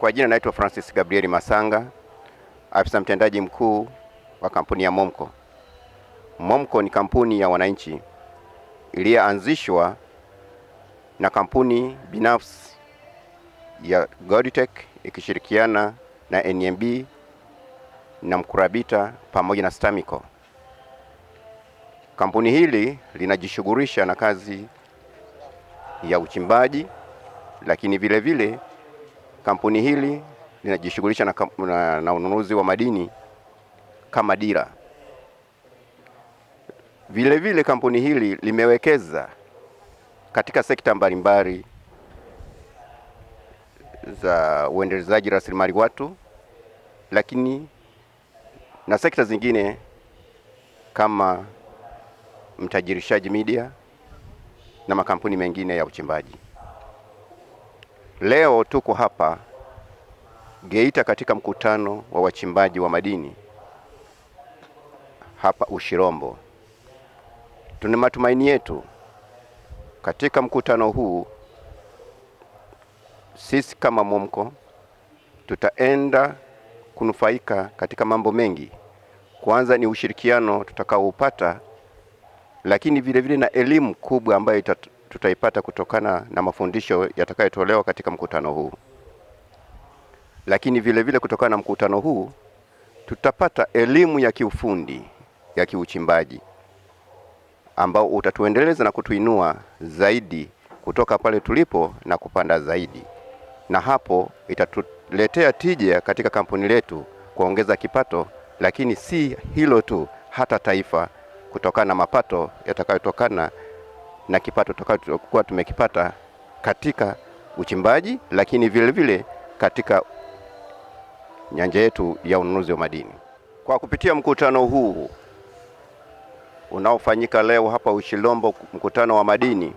Kwa jina naitwa Francis Gabriel Masanga, afisa mtendaji mkuu wa kampuni ya Momco. Momco ni kampuni ya wananchi iliyoanzishwa na kampuni binafsi ya Goldtech ikishirikiana na NMB e na Mkurabita pamoja na Stamico. Kampuni hili linajishughulisha na kazi ya uchimbaji lakini vile vile Kampuni hili linajishughulisha na, na, na ununuzi wa madini kama dira. Vile vile kampuni hili limewekeza katika sekta mbalimbali za uendelezaji rasilimali watu, lakini na sekta zingine kama mtajirishaji media na makampuni mengine ya uchimbaji. Leo tuko hapa Geita katika mkutano wa wachimbaji wa madini hapa Ushirombo. Tuna matumaini yetu katika mkutano huu, sisi kama MOMCO tutaenda kunufaika katika mambo mengi. Kwanza ni ushirikiano tutakaoupata, lakini vilevile vile na elimu kubwa ambayo tutaipata kutokana na mafundisho yatakayotolewa katika mkutano huu. Lakini vilevile vile kutokana na mkutano huu tutapata elimu ya kiufundi ya kiuchimbaji ambao utatuendeleza na kutuinua zaidi kutoka pale tulipo na kupanda zaidi, na hapo itatuletea tija katika kampuni letu kuongeza kipato, lakini si hilo tu, hata taifa kutokana na mapato yatakayotokana na kipato tutakachokuwa tumekipata katika uchimbaji, lakini vile vile katika nyanja yetu ya ununuzi wa madini. Kwa kupitia mkutano huu unaofanyika leo hapa Ushilombo, mkutano wa madini,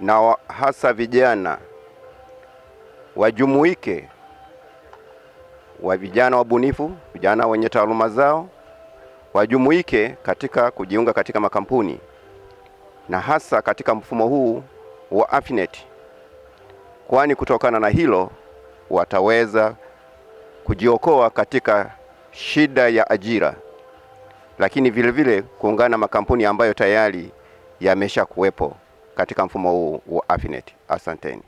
na hasa vijana wajumuike, wa vijana wabunifu, vijana wenye taaluma zao wajumuike katika kujiunga katika makampuni na hasa katika mfumo huu wa AFINet, kwani kutokana na hilo wataweza kujiokoa katika shida ya ajira, lakini vile vile kuungana na makampuni ambayo tayari yamesha kuwepo katika mfumo huu wa AFINet. Asanteni.